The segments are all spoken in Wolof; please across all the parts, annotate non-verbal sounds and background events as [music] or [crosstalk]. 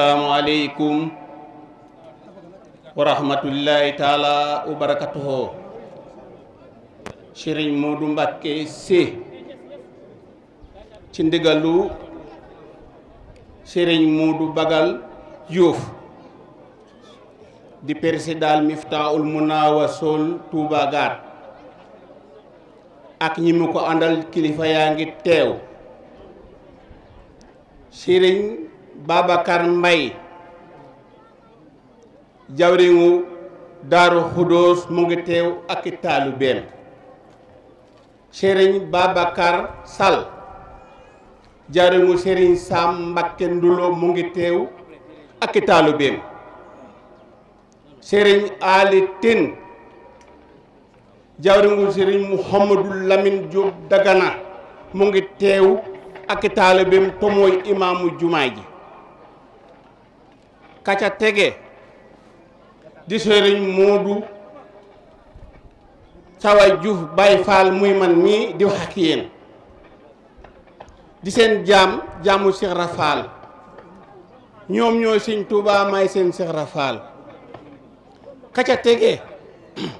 asalaamualeykum wa rahmatullahi taala wa barakatuho Sëriñ Moodu Mbàkke ci ndigalu Sëriñ Moodu Bagal Juuf di président Miftaahul Munaawasul Touba Gate ak ñi mu ko àndal kilifa yaa ngi teew Sëriñ Babacar Mbay jawriñu Daaru Xudóos mu ngi teew ak taalibeem sëriñ Babacar Sall jawriñu sëriñ Sam Mbakke Ndulo mu ngi teew ak taalibeem sëriñ Ali Tin jawriñu mu Mouhamadou Lamine Diop Dagana mu ngi teew ak taalibeem te imaamu jumaa ji ka ca tege di sëriñ Moodu Cawa Juuf Baay Faal muy man mii di wax yéen di seen jaam jaamu Cheikh Rafaal ñoom ñoo sëñ Tuubaa may seen Cheikh Rafaal ka tege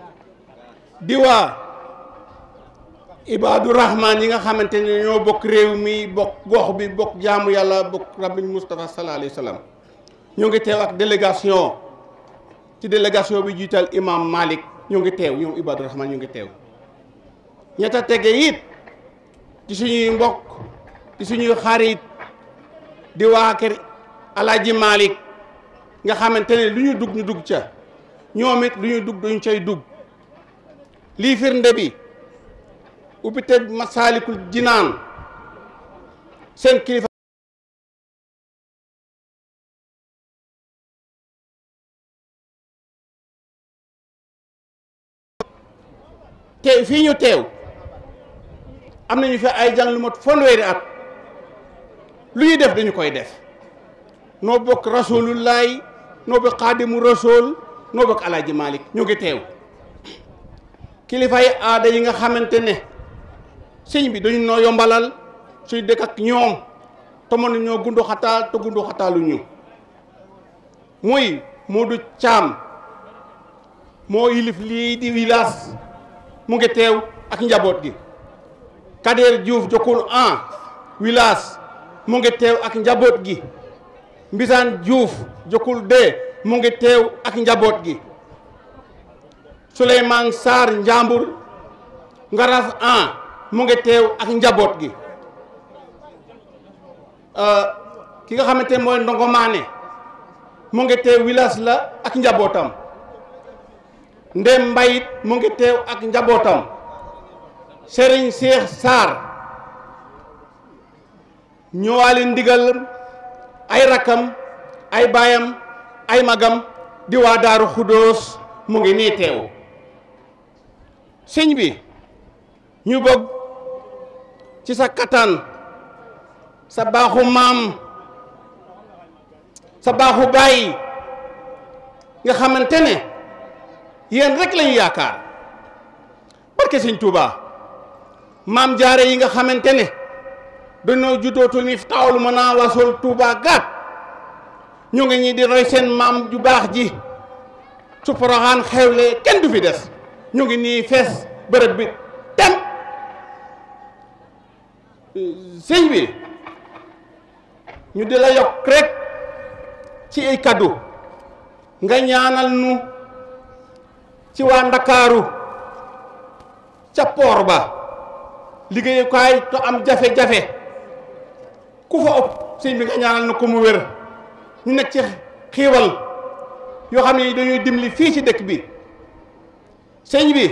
[clears throat] di waa Ibaadu Rahman yi nga xamante ne ñoo bokk réew mi bokk gox bi bokk jaamu yàlla bokk rabbil Mustafa sallallahu alayhi wa ñoo ngi teew ak délégation ci délégation bi jiital imam Malik ñoo ngi teew ñoom Ibadu Rahman ñu ngi teew ñetta tege it ci suñuy mbokk ci suñuy xarit di waa kër Alaaji Malik nga xamante ne lu ñu dugg ñu dugg ca ñoom it lu ñu dugg duñ cay dugg lii firnde bi ubbite Masaalikul Jinaan seen kilifa te fii ñu teew am nañu fi ay jàng lu mat fanweeri at lu ñuy def dañu koy def noo bokk rasulullaay noo bokk xaadimu rasul noo bokk alaaji malik ñu ngi teew kilifa aada yi nga xamante ne sëñ bi dañu noo yombalal suy dëkk ak ñoom te ñoo gundu te gundu xataalu ñu muy Modou moo yilif lii di village mu ngi teew ak njaboot gi Kader Diouf jokkul en village mu ngi teew ak njaboot gi Mbisaan Diouf jokkul b mu ngi teew ak njaboot gi Souleymane Sarr Njambur Ngaras en mu ngi teew ak njaboot gi euh, ki nga xamante mooy Ndongo mu ngi teew wilaas la ak njabootam ndem mbayit mu ngi teew ak njabootam Serigne Cheikh Sarr ñëwaale ndigal ay rakkam ay baayam ay magam di waa Daaru Xudóos mu ngi nii teew sëñ bi ñu bëgg ci sa kattan sa baaxu maam sa baaxu baay nga xamante ne yéen rekk lañu yaakaar barke sëñ Tuubaa maam jaare yi nga xamante ne dañoo juddootu ni taawul mën naa wasool Tuubaa gaat ñu ngi ñi di roy seen maam ju baax ji su poroxaan xewle kenn du fi des ñu ngi nii fees bërëb bi tem sëñ bi ñu di la yokk rek ci ay kaddu nga ñaanal nu ci waa ndakaaru ca poor ba liggéeyukaay te am jafe-jafe ku fa ëpp sëñ bi nga na ko mu wér ñu nekk ci xiiwal yoo xam ne dañuy dimbali fii ci dëkk bi sëñ bi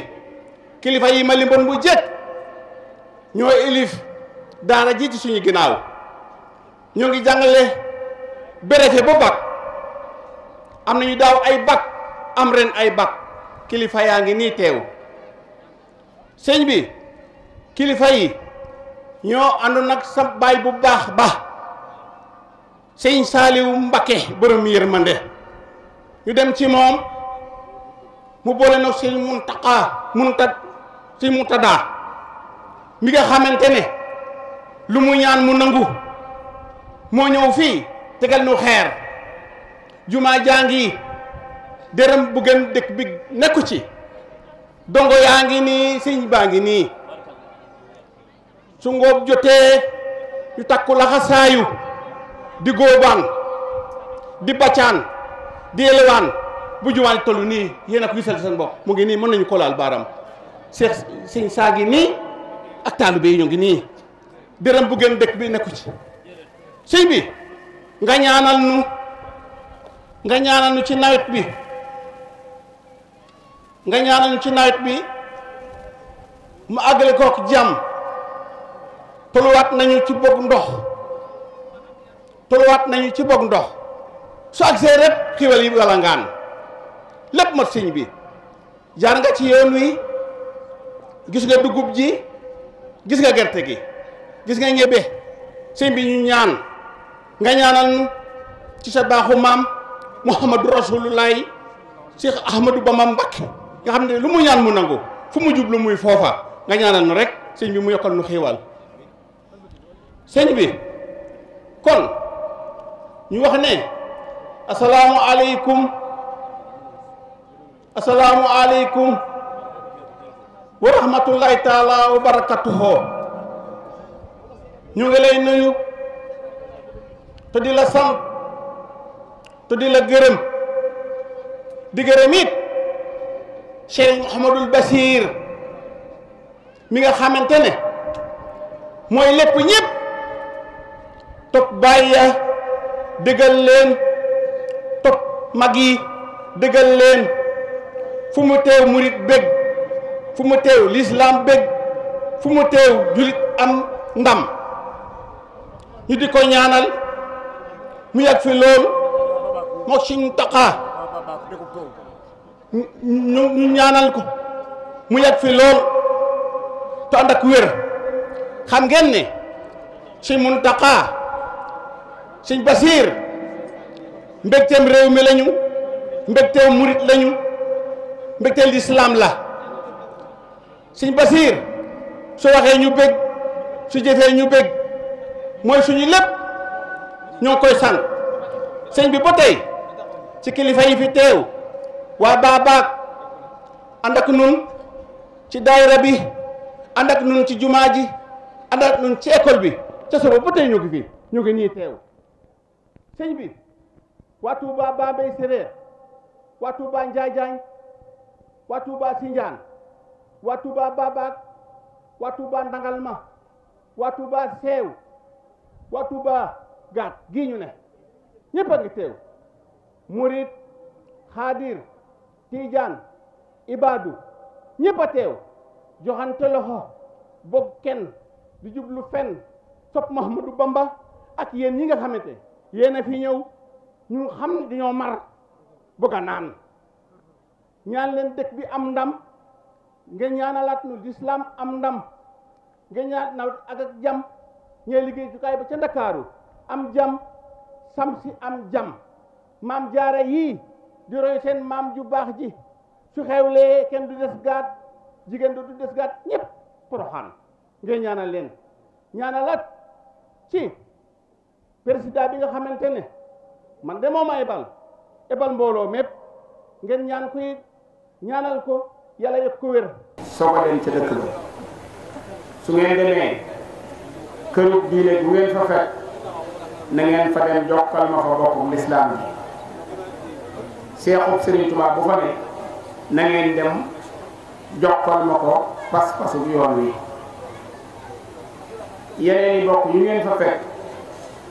kilifa yi ma limboon bu jëkk ñoo ilif daara ji ci suñu ginnaaw ñoo ngi jàngale béréfe ba bac am nañu daaw ay bac am ren ay bac kilifa yaa ngi nii teew bi kilifa yi ñoo àndu nag sa baay bu baax ba sëñ saaliwu mbakke borom yërmande ñu dem ci moom mu boole nag sëñ muntaqa munta sëñ muntada mi nga xamante ne lu mu ñaan mu nangu moo ñëw fii tegal nu xeer jumaa jaa ngi dërëm bu gën dëkk bi nekku ci dongo yaa ngi nii sëñ baa ngi nii su ngoob jotee ñu takku laxasaayu di góobaan di baccaan di elewaan bu jumaani toll nii yéen a ko seen bopp mu ngi nii mën nañu kolaal baaram seex sëñ saa ngi nii ak taalibe yi ñu ngi nii dërëm bu gën dëkk bi nekku ci sëñ bi nga ñaanal nu nga ñaanal nu ci nawet bi nga ñaanal ci nawet bi mu àggale kook jàmm tolluwaat nañu ci bog ndox tolluwaat nañu ci bog ndox su agsee rek xiwal yi walla ngaan lépp mat sëñ bi jaar nga ci yoon wi gis nga dugub ji gis nga gerte gi gis nga ñebe sëñ bi ñu ñaan nga ñaanal ci sa baaxu maam Muhammadu Rasulullaay Cheikh Ahmadou Bamba Mbacké nga xam ne lu mu ñaan mu nangu fu mu jublu muy foofa nga ñaanal nu rek sëñ bi mu yokkal nu xiiwal sëñ bi kon ñu wax ne asalaamu aleykum asalaamu aleykum wa rahmatullahi taala wa barakatuhu ñu ngi lay nuyu te la sant te la gërëm di gërëm Cheikh Mouhamadul Basir mi nga xamante ne mooy lépp ñépp topp bàyyi ya dëggal leen topp mag yi dëggal leen fu mu teew murit bëgg fu mu teew lislaam bëgg fu mu teew julit am ndam ñu di ko ñaanal mu yàgg fi loolu moo siñ taqaa ñu ñaanal ko mu yàgg fi lool te ànd ak wér xam ngeen ne Sëñ Muntaqa Sëñ Basiir mbégteem réew mi lañu mbégteem murit lañu mbégteem lislaam la Sëñ Basiir su waxee ñu bég su jëfee ñu bég mooy suñu lépp ñoo koy sant sëñ bi ba tey ci kilifa yi fi teew waa baabaag ànd nun ci daayira bi ànd nun ci jumaa ji ànd ak nun ci école bi ca suba ba tey ñu ngi fi ñu ngi nii teew sëñ bi waa Touba Bambey Séréer waa Touba Njaajaañ waa Touba Sinjaan waa Touba Babaag waa Touba Ndangalma waa Touba Seew waa Touba Gaat gii ne ñëpp a teew murit xaadir tiijaan ibaadu ñépp a teew joxante loxo bokk kenn di jublu fenn sopp Mahamadou Bamba ak yéen ñi nga xamante yéen a fi ñëw ñu xam ne dañoo mar bëgg a naan ñaan leen dëkk bi am ndam nga ñaanalaat nu lislaam am ndam nga ñaan nawet ak ak jàmm ñee liggéey jukaay ba ca ndakaaru am jam sam si am jam maam jaare yii di roy seen maam ju baax ji su xewlee kenn du des gaat jigéen du des gaat ñëpp poroxaan ngay ñaanal leen ñaanalaat ci président bi nga xamante ne man de moom a ebal ebal mbooloo mépp ngeen ñaan ko ñaanal ko yàlla yëpp ko wér soo ko dem ca dëkk ba su ngeen demee këru diine bu ngeen fa fekk na ngeen fa dem jokkal ma fa bokkum lislaam bi seexub Serigne Touba bu fa ne na ngeen dem jokkal ma ko pas-pasu yoon wi yeneen yi bokk yu ngeen fa fekk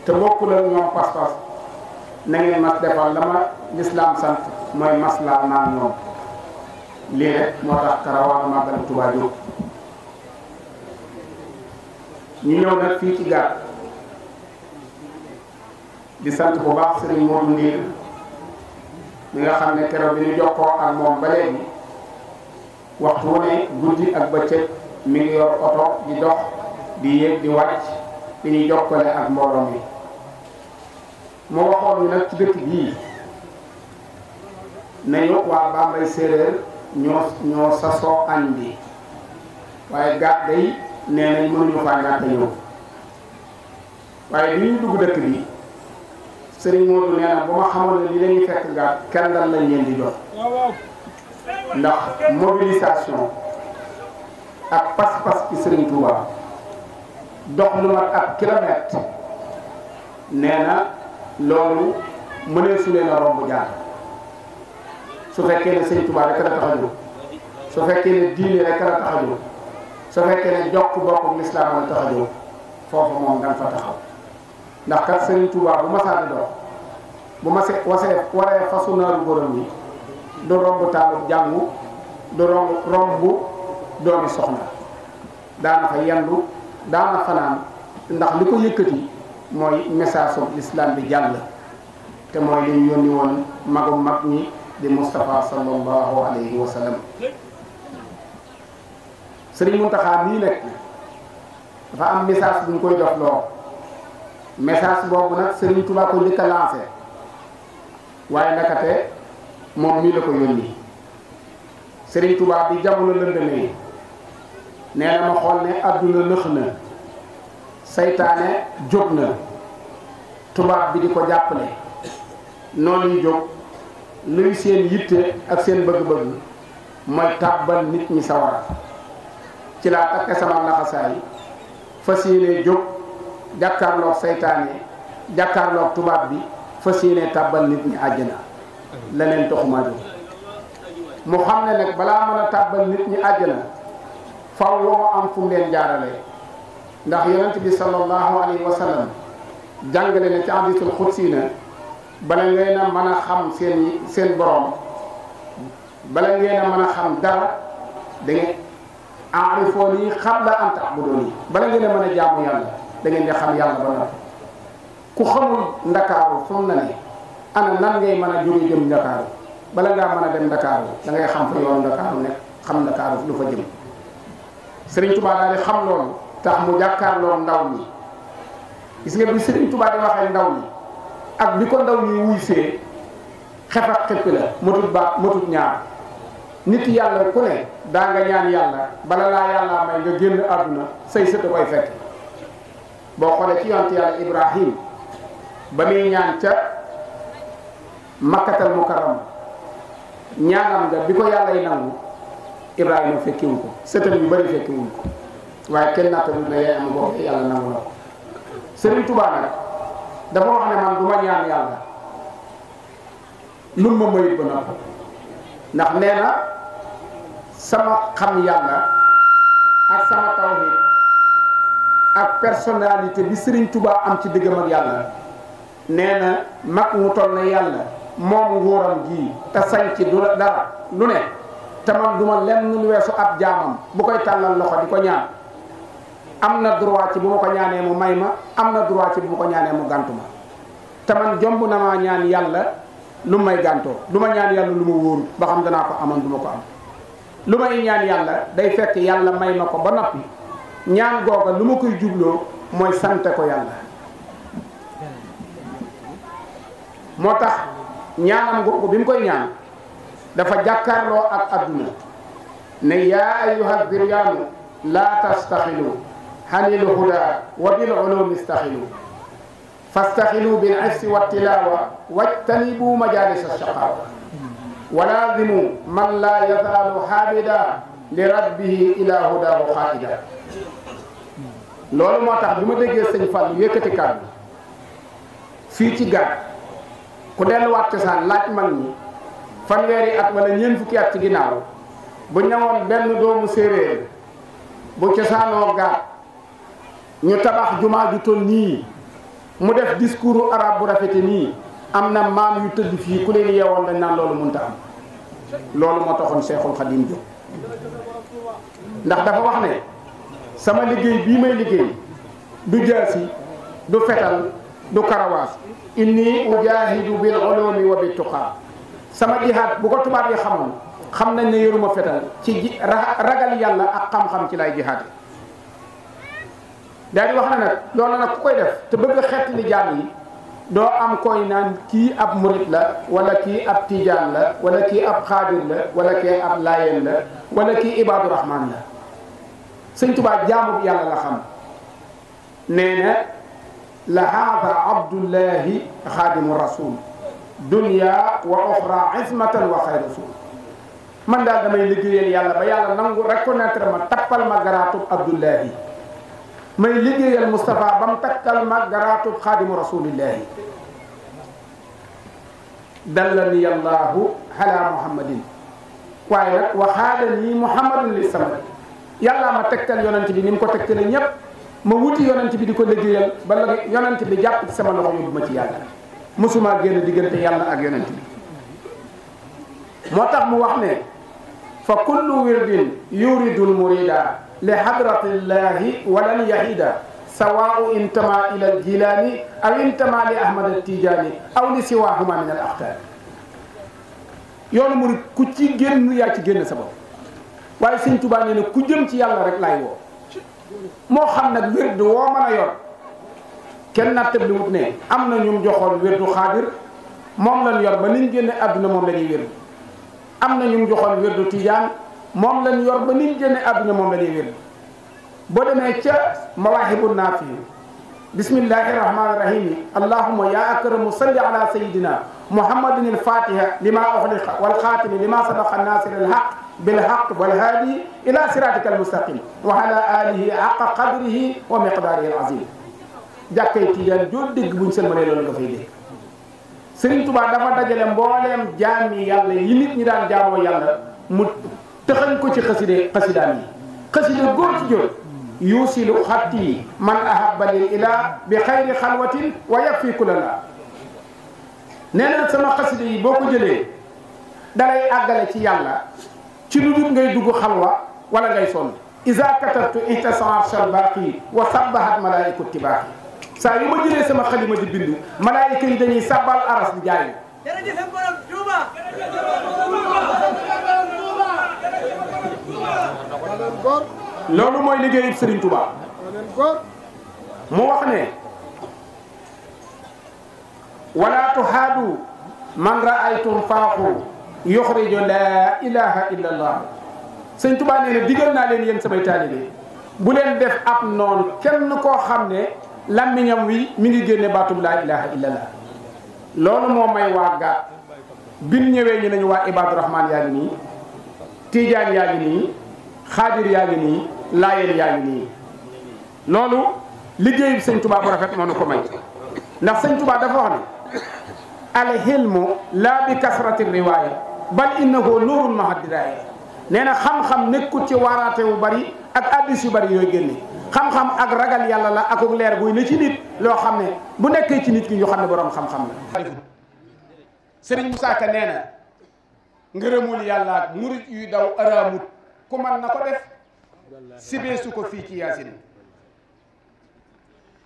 te bokkul ak ñoom pas-pas na ngeen mas defal la ma lislaam sant mooy maslaa naan ñoom lii rek moo tax karawaan màggal Touba jóg ñu ñëw nag fii ci gaar di sant bu baax Serigne Modou Ndiir li nga xam ne keroog bi ñu jokkoo ak moom ba léegi waxtu wu guddi ak bëccëg mi ngi yor oto di dox di yéeg di wàcc di ñu jokkale ak mbooloo mi mu waxoon ñu nag ci dëkk bii nañu waa Bambey séeréer ñoo sasoo añ bi waaye gàtt day nee nañ mënuñu faa ñàkk ñëw waaye li ñu dugg dëkk bi Serigne Modou nee na bu ma xamoon na loolu su a romb fekkee ne a jóg su fekkee ne diine rek la tax a jóg su fekkee ne jokk bokk lislaam la tax a jóg foofu moom danga fa taxaw. ndax kat Serigne Touba bu masaa di dox bu ma se wasee waree fasu naaru borom yi du romb taalub jàngu du romb romb doomi soxna daana fa yendu daana fanaan ndax li ko yëkkati mooy message su l'islam bi jàll te mooy li ñu yónni woon magu mag ñi di Moustapha sallallahu alayhi wa sallam Serigne Mountakha nii nekk dafa am message bu koy dox loo message boobu nag Serigne Touba ko njëkk a waaye nakate moom mii la ko yónni Serigne Touba bi jamono lëndëmee nee na ma xool ne àdduna nëx na saytaane jóg na tubaab bi di ko jàppale noonu ñu jóg luy seen yitte ak seen bëgg-bëgg mooy tàbbal nit ñi sawara ci laa takke sama laxasaay fas yéene jóg jàkkaarloog seytaane jàkkaarloog tubaab bi fa yéene tàbbal nit ñi àjjana leneen taxumaa jóg mu xam ne nag balaa mën a tàbbal nit ñi àjjana faw loo am fu leen jaarale ndax yonent bi sallallahu alayhi wa sallam jàngale ci hadiisul xudsi na bala ngeen a mën a xam seen seen borom bala ngeen a mën a xam dara da ngeen aarifoon yi xam la an bu doon yi bala ngeen a mën a jaamu yàlla dangeen ngeen di xam yàlla ba noppi ku xamul ndakaaru fu mu na ne ana nan ngay mën a jóge jëm ndakaaru bala ngaa mën a dem ndakaaru da ngay xam fa yoonu ndakaaru nekk xam ndakaaru lu fa jëm Serigne Touba daal di xam loolu tax mu jàkkaarloo ndaw ñi gis nga bi Serigne Touba di waxee ndaw ñi ak bi ko ndaw ñi wuy see xef la matut ba matut ñaar nit yàlla ku ne daa nga ñaan yàlla bala laa yàllaa may nga génn àdduna say sët a koy fekk boo xoolee ci yonent yàlla Ibrahim ba muy ñaan ca makkatal mukarram ñaanam nga bi ko yàlla yi nangu Ibrahima fekkiwu ko sëtam yu bëri fekkiwuñ ko waaye kenn naata bi na yaay am boo yàlla nangu la ko Sëriñ Tuubaa nag dafa wax ne man du ma ñaan yàlla lun ma mayut ba ndax nee na sama xam yàlla ak sama tawhid ak personnalité bi sëriñ Touba am ci diggam yàlla nee na mag mu toll na yàlla moom nguuram gii te sañ ci du dara lu ne te man du ma lenn lu weesu ak jaamam bu koy tàllal loxo di ko ñaan am na droit ci bu ma ko ñaanee mu may ma am na droit ci bu ma ko ñaanee mu gàntu ma te man jomb na maa ñaan yàlla lu may gàntoo du ma ñaan yàlla lu ma wóoru ba xam danaa ko amoon du ma ko am lu may ñaan yàlla day fekk yàlla may ma ko ba noppi ñaan googa lu ma koy jubloo mooy sante ko yàlla moo tax ñaanam googu bi mu koy ñaan dafa jàkkarloo ak adduna ne yaa ayyuha diryaanu laa tastaxilu xanil huda wa bil ulumi istaxilu fastaxilu bil ifsi wa tilawa wajtanibu majalis ashaqawa wa laazimu man laa yazaalu xaabida li rabbihi ila hudahu xaa'ida loolu moo tax bi ma déggee sëñ Fall yëkkati kàddu fii ci gàtt ku delluwaat cosaan laaj mag ñi fanweeri at wala ñeent fukki at ci ginnaaw bu ñëwoon benn doomu séeréer bu cosaanoo gàtt ñu tabax jumaa ju toll nii mu def discours arabe bu rafete nii am na maam yu tëdd fii ku leen yeewoon lañ naan loolu mënta am loolu moo taxoon Seexul Xadiim jóg ndax dafa wax ne sama liggéey bii may liggéey du jaasi du fetal du karawaas inni ujahidu bil ulumi wa bi tuqaa sama jihaad bu ko tubaab yi xamoon xam nañ ne yoruma fetal ci ragal yàlla ak xam-xam ci lay jihaad yi daal di wax na nag loolu nag ku koy def te bëgg a xettali jaam yi doo am koy naan kii ab murit la wala kii ab tijaan la wala kii ab xaadir la wala kii ab laayeen la wala kii ibaadu rahmaan la sëñ Tuubaa jaamu yàlla la xam nee na la haada abdullahi xaadimu rasul dunya wa oxra ismatan wa xayru suul man daal damay liggéeyal yàlla ba yàlla nangu reconnaître ma tappal ma garaatub abdullahi may liggéeyal Moustapha ba mu takkal ma garaatub xaadimu rasulillahi dallani allahu ala muhammadin waaye nag waxaada nii muhammadun li samad yàllaa ma tegtal yonent bi ni mu ko tegtale ñépp ma wuti yonent bi di ko liggéeyal ba la bi jàpp ci sama loxo yóbbu ma ci yàlla mosuma génn diggante yàlla ak yonent bi moo tax mu wax ne fa kullu wirdin yuridul murida li hadratillahi walan yahida sawa'u intama ila al jilani aw intama li ahmad al tijani aw li siwahuma min al axtaar yoonu murid ku ci génn yaa ci génn sa bopp waaye sëñ Tuubaa nee ku jëm ci yàlla rek laay woo moo xam nag wérdu woo mën a yor kenn nattab li wut ne am na ñum joxoon wérdu xaadir moom lañ yor ba niñ génne àdduna moom la ñuy wérdu am na ñum joxoon wérdu moom lañ yor ba niñ génne àdduna moom la ñuy wérdu boo demee ca mawaahibu naafi bismillahi rahmaani rahim allahumma ya akramu salli ala sayidina muhammadin al fatiha lima uxliqa wal xaatimi lima sabaqa nasir al haq بالحق والهادي إلى صراطك المستقيم وعلى آله حق قدره ومقداره العظيم jàkkay Tijaan joo dégg buñ sëlmalee loolu nga fay dégg Sëriñ Tuubaa dafa dajale mbooleem jaami yàlla yi nit ñi daan jaamoo yàlla mu tëxañ ko ci xaside xasidaam yi xaside góor ci jóg yuusilu xatti man ahabba lil ilaa bi xayri xalwatin wa yakfi kula la nee sama xaside yi boo ko jëlee dalay àggale ci yàlla ci lu dul ngay dugg xalwa wala ngay sonn isa katabtu ihtasar shalbaaqi wa sabbahat malaaiku tibaaqi saa yu ma jëlee sama xalima di bindu malaayika yi dañuy sabbal aras di loolu mooy liggéeyu Serigne Touba mu wax wala tuhaadu man raaytum faaxu yuxriju laa ilaha illa allah sëñ tubaa nee na digal naa leen yéen samay taalibe bu leen def ab noonu kenn koo xam ne làmmiñam wi mi ngi génne baatum laa ilaha illa allah loolu moo may waa gaat bin ñëwee ñu nañu waa ibaadu rahmaan yaa ngi nii tiijaan yaa ngi nii xaadir yaa ngi nii laayeen yaa ngi nii loolu liggéeyu sëñ tubaa bu rafet moo nu ko may ndax sëñ tubaa dafa wax ne alxilmu laa bi kasrati riwaaya bal innahu nuurun mahaddidaay nee na xam-xam nekkut ci waaraate wu bari ak addis yu bari yooyu génne xam-xam ak ragal yàlla la akuk leer buy ne ci nit loo xam ne bu nekkee ci nit ki ñu xam ne boroom xam-xam la sëriñ Moussa Ka nee na ngërëmul yàlla ak murit yuy daw araamut ku man na ko def sibeesu ko fii ci yaasin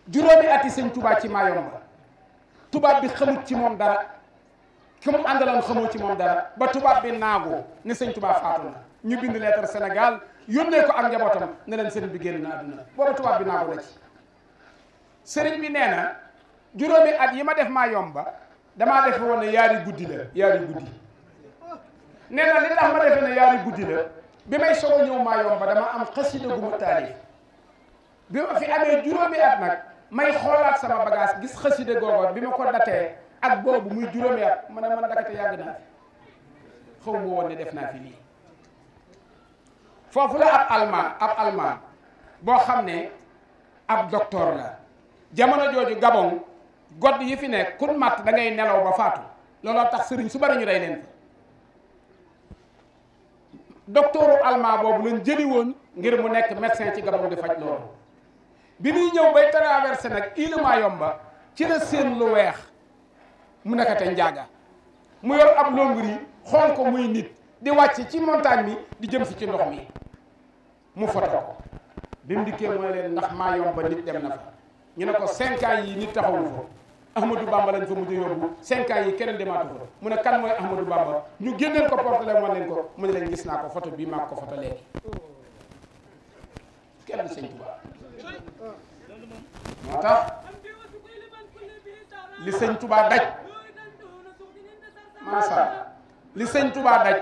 juróomi ati sëñ Tuubaa ci maayom ba tubaab bi xamut ci moom dara ki mu àndaloon xamoo ci moom dara ba tubaab bi naagoo ne sëñ tubaab faatu na ñu bind lettre Sénégal yónnee ko am njaboot ne leen sëriñ bi génn naa àdduna booba tubaab bi naagoo na ci sëriñ bi nee na juróomi at yi ma def maa yomba damaa defe woon ne yaari guddi la yaari guddi nee na li tax ma defe ne yaari guddi la bi may soog ñëw maa yomba dama am xasida gu ma bi ma fi amee juróomi at nag may xoolaat sama bagage gis xasida googu bi ma ko datee ak boobu muy juróomi at ma ne man dakate yàgg naa fi xaw ma woon ne def naa fi lii foofu la ab allemand ab allemand boo xam ne ab docteur la jamono jooju Gabon godd yi fi ne kun matt da ngay nelaw ba faatu looloo tax sëriñ su bari ñu rey leen fa docteuru boobu lañ jëli woon ngir mu nekk médecin ci Gabon di faj loolu bi muy ñëw bay traversé nag Île Mayomba ci la seen lu weex mu nekkate njaaga mu yor ab longur yi xool ko muy nit di wàcc ci montagne bi di jëm si ci ndox mi mu foto ko bi mu dikkee mooy leen ndax maa yomb ba nit dem na fa ñu ne ko cinq ans yi nit taxawu fa Ahmadou Bamba lañ fa mujj yóbbu cinq ans yi keneen demaatu fa mu ne kan mooy Ahmadou Bamba ñu génneel ko portele wan leen ko mu ne leen gis naa ko photo bii maa ko photo léegi kenn sëñ Tuubaa moo tax li sëñ Tuubaa daj maasa li sëñ Touba daj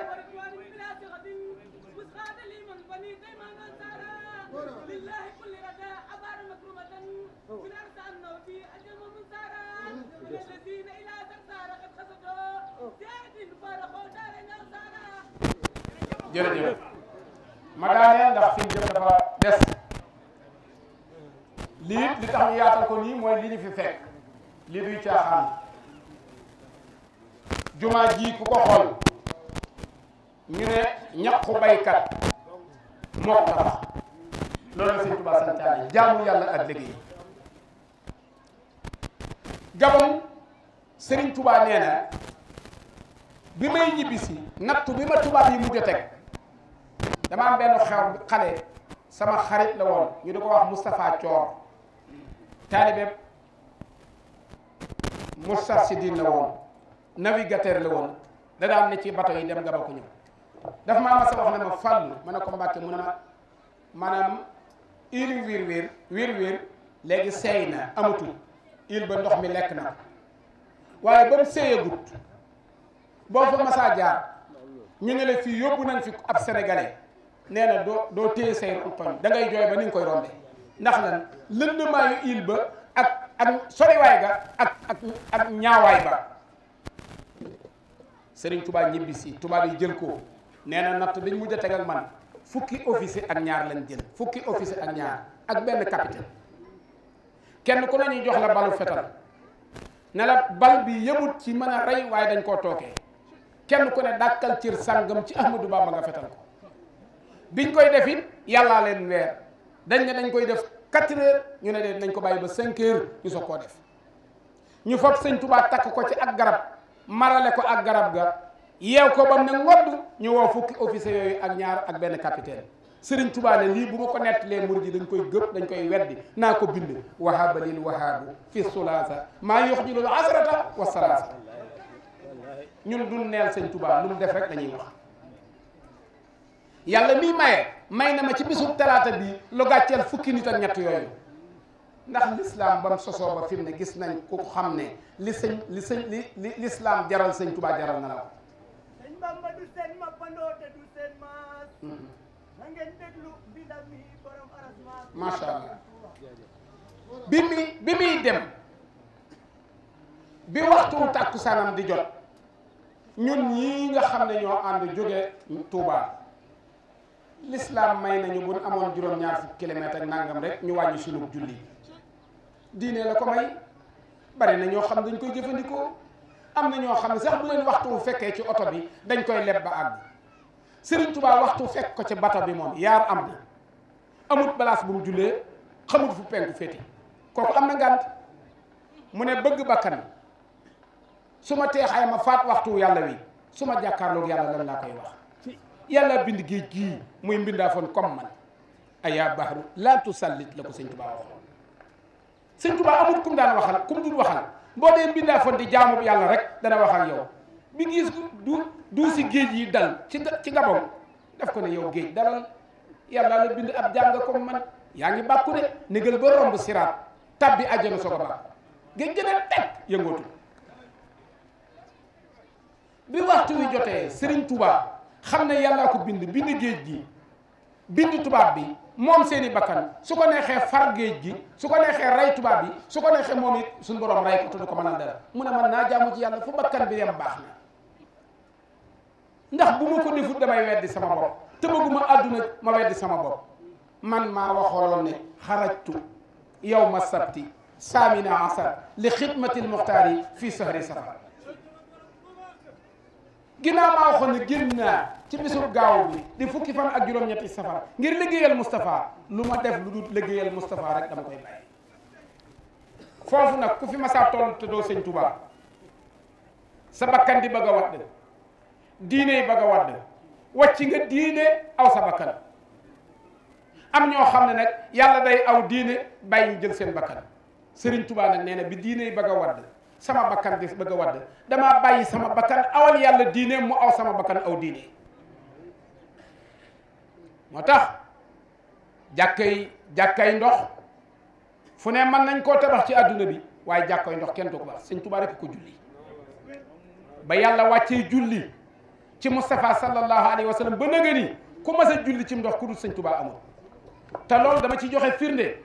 jërëjëf ma daaneel ndax fi ñu jëm dafa des lii li tax ñu yaatal ko nii mooy li ñu fi fekk lii duy caaxaan jumaa ji ku ko xool ñu ne ñaqu baykat mokk na fa loolu la sëñ Tuubaa santaane jaamu yàlla ak liggéey Gabon Sëriñ Tuubaa nee na bi may ñibbisi nattu bi ma tubaab yi mujj teg dama am benn xew xale sama xarit la woon ñu di ko wax Moustapha Thior taalibe Moustarchidine la woon navigateur la woon da daan ne ci bato yi dem gaba ko ñëw daf maa mas a wax ne ma fàllu ma ne ko mbàkke mu ne maanaam île wiir wiir wiir wiir léegi seey na amatul île ba ndox mi lekk na ko waaye ba mu seeyagut boo fa masaa jaar ñu ne la fii yóbbu nañ fi ab sénégalais nee na doo doo téye say ronkoñ da ngay jooy ba ni nga koy rombe ndax lan lëndëmaayu île ba ak ak soriwaay ga ak ak ñaawaay ba Serigne Touba ñibbi si tubaab yi jël ko nee na natt biñ mujj a teg ak man fukki officier ak ñaar lañ jël fukki officier ak ñaar ak benn capitaine kenn na nañuy jox la balu fetal ne la bal bi yëmut ci mën a rey waaye dañ koo tookee kenn ku ne dàkkal cër sàngam ci Ahmadou Bamba nga fetal ko biñ koy def it yàllaa leen weer dañ ne dañ koy def 4 ñu ne de nañ ko bàyyi ba 5 heures ñu soog koo def ñu fab sëñ Touba takk ko ci ak garab. marale ko ak garab ga yeew ko bam ne ngodd ñu woo fukki officier yooyu ak ñaar ak benn capitaine sëriñ Tuubaa ne lii bu ma ko nettalee murid yi dañ koy gëpp dañ koy weddi naa ko bind wahaba lil wahaabu fi sulaasa maa yuxjilul asarata wa ñu ñun dun neel sëñ Tuubaa lu def rek dañuy wax yàlla miy maye may na ma ci bisub talaata bi lu gàcceel fukki nit ak ñett yooyu ndax l'islam bam sosoo ba fi ne gis nañ ku xam ne li sëñ li sëñ li li l'islam jaral sëñ Tuubaa jaral na la ko sëñ Bamba du seen mm-hmm. allah bi muy bi muy dem bi waxtu tàkkusaanam di jot ñun ñii nga xam ne ñoo ànd jóge Touba l'islam may nañu buñ amoon juróom-ñaar fukki kilomètre ak rek ñu wàññi sunu julli diine la ko may bari na ñoo xam ne dañ koy jëfandikoo am na ñoo xam ne sax bu leen waxtu fekkee ci oto bi dañ koy leb ba àgg Sëriñ Tuubaa waxtu fekk ko ci bato bi moom yaar am na amut place bu mu jullee xamut fu penku féete kooku am na ngànt mu ne bëgg bakkan su ma teexaay ma faat waxtu yàlla wi su ma jàkkaarloog yàlla lan laa koy wax yàlla bind géej gii muy mbindaafoon comme man ayaa bahru laa tusallit la ko Sëriñ Tuubaa waxoon sëñ Tuubaa amul kum daan waxal kum dul waxal boo dee mbindaa fonte jaamu yàlla rek dana wax ak yow mi ngi gis du du géej yi dal ci ci ngabam daf ko ne yow géej dalal yàlla la bind ab jàng comme yaa ngi bàkku de négal ba romb siraat tabbi àjjana soo ko bàkk géej gën a teg yëngootu bi waxtu wi jotee Sëriñ Tuubaa xam ne yàllaa ko bind bind géej gi bind tubaab bi moom seen i bakkan su ko neexee far géej gi su ko neexee rey tubaab bi su ko neexee moom it suñu borom rey ko tudd ko mënal dara mu ne man naa jaamu ci yàlla fu bakkan bi dem baax na ndax bu ma ko defut damay weddi sama bopp te bëgguma àdduna ma weddi sama bopp man maa waxooloon ne xarajtu yow ma sabti saamina asar li xidmati lmuxtaari fii sahri safar ginnaaw maa waxoon ne génn naa ci bisu gaaw bi di fukki fan ak juróom-ñetti safar ngir liggéeyal Moustapha lu ma def lu dul liggéeyal Moustapha rek dama koy bàyyi foofu nag ku fi masaa toll te doo sëñ Touba sa bakkan di bëgg a wadd diine yi bëgg a wadd wàcc nga diine aw sa bakkan am ñoo xam ne nag yàlla day aw diine bàyyi ñu jël seen bakkan sëriñ Touba nag nee na bi diine yi bëgg a wadd sama bakkan di bëgg a wadd damaa bàyyi sama bakkan awal yàlla diine mu aw sama bakkan aw diine moo tax jàkkay jàkkay ndox fu ne mën nañ koo tabax ci àdduna bi waaye jàkkay ndox kenn du ko wax sëñ Tuubaa rek ko julli ba yàlla wàccee julli ci Moustapha ba nëgë ni ku ci ndox ku dul sëñ te loolu dama ci joxe firnde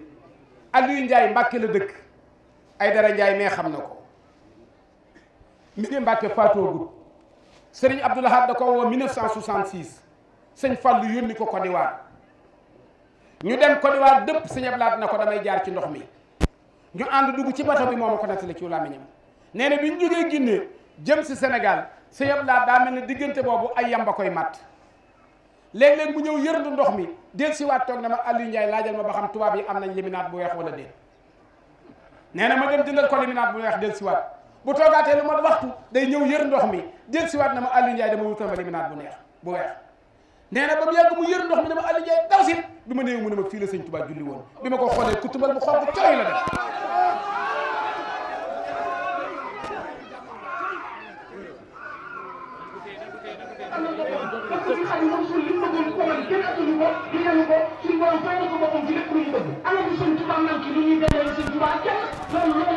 Aliou Ndiaye Mbàkke la dëkk ay dara Ndiaye mee xam na ko mi di Mbàkke faatoogut sëriñ Abdoul Ahad da ko woo 1966 sëñ Fallou yónni ko Côte d'Ivoire ñu dem Côte d'Ivoire dëpp sëñ laat na ko damay jaar ci ndox mi ñu ànd dugg ci bato bi moom ma ko nettali ci làmmiñam nee na bi ñu jógee Guinée jëm si Sénégal sëñ Abdoul Ahad daa mel ne diggante boobu ay yamba koy matt léeg-léeg mu ñëw yërëndu ndox mi del siwaat waat toog na ma Aliou Ndiaye laajal ma ba xam tubaab yi am nañ liminaat bu weex wala déet nee na ma dem jëndal bu weex del si bu toogaatee lu mat waxtu day ñëw yër ndox mi del siwaat na ma Aliou Ndiaye dama wutoon liminaat bu neex bu weex nee na ba mu yàgg mu yër ndox mi dama Aliou Ndiaye daw si bi ma néew mu ne ma fii la sëñ Tuubaa julli woon bi ma ko xoolee ku tubal bu la